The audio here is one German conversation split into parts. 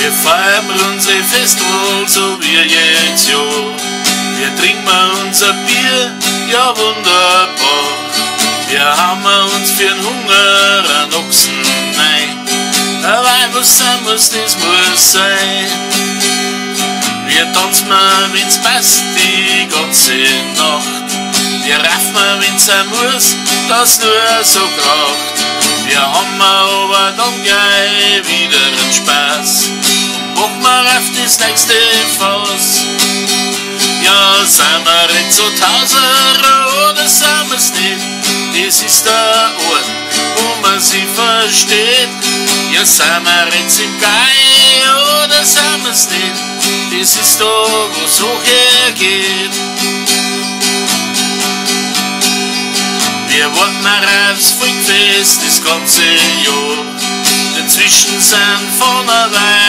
Wir feiern unsere Festival, so wie jedes Jahr. Wir trinken unser Bier, ja wunderbar. Wir haben uns für den Hunger an Ochsen ein. Der Wein muss sein, muss das muss sein. Wir tanzen, wenn's passt, die ganze Nacht. Wir raffen, wenn's sein muss, das nur so kracht. Wir haben aber dann gleich wieder einen Spaß guck mal auf das nächste Fass. Ja, sind wir jetzt so Tauser oder sind wir's nicht? Das ist der Ort, wo man sie versteht. Ja, sind wir jetzt im Gei oder sind wir's nicht? Das ist da, wo es hergeht. Wir warten aufs Volkfest das ganze Jahr. Dazwischen sind von der allein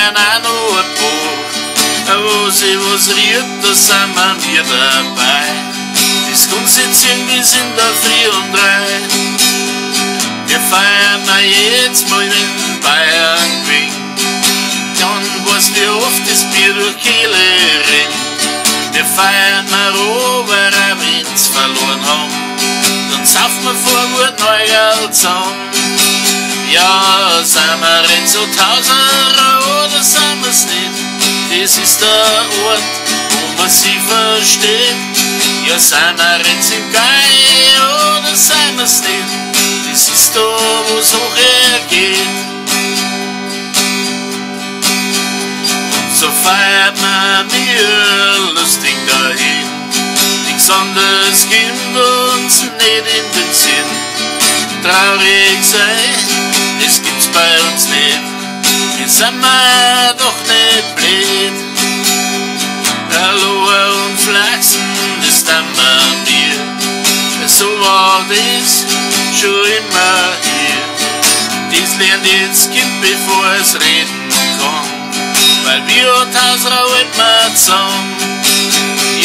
was illustriert, da sind wir wir dabei. Das kommt jetzt irgendwie sind da vier und drei. Wir feiern auch jetzt mal, wenn Bayern gewinnt. Dann weiß wie oft das Bier durch Kehle rennt. Wir feiern auch oben, wenn's verloren haben. Dann saufen wir vor gut Neugeld zusammen. Ja, sind wir in so tausend oder sind wir's nicht? das ist der Ort, wo man sie versteht. Ja, sein wir jetzt im Geil oder sein wir's nicht. Das ist da, wo's hoch geht. Und so feiert man mir lustig dahin. Nichts anderes gibt uns nicht in den Sinn. Traurig sein, das gibt's bei uns nicht. Jetzt sind wir doch immer dir. so alt ist, schon immer hier. Dies lernt jetzt Kind, bevor es reden kann. Weil wir und Hauser immer zusammen.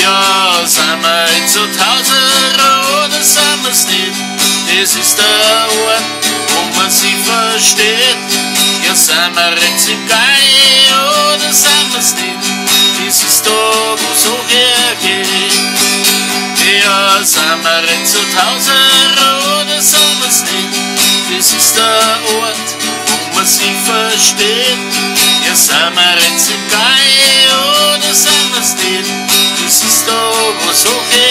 Ja, sind wir jetzt und Hauser oder sind wir's nicht? Das ist der Ort, wo man sie versteht. Ja, sind wir jetzt im Geist. sind wir jetzt zu Hause oder sind nicht? Das ist der Ort, wo man sich versteht. Ja, sind wir Geil oder sind nicht? Das ist da, wo so geht.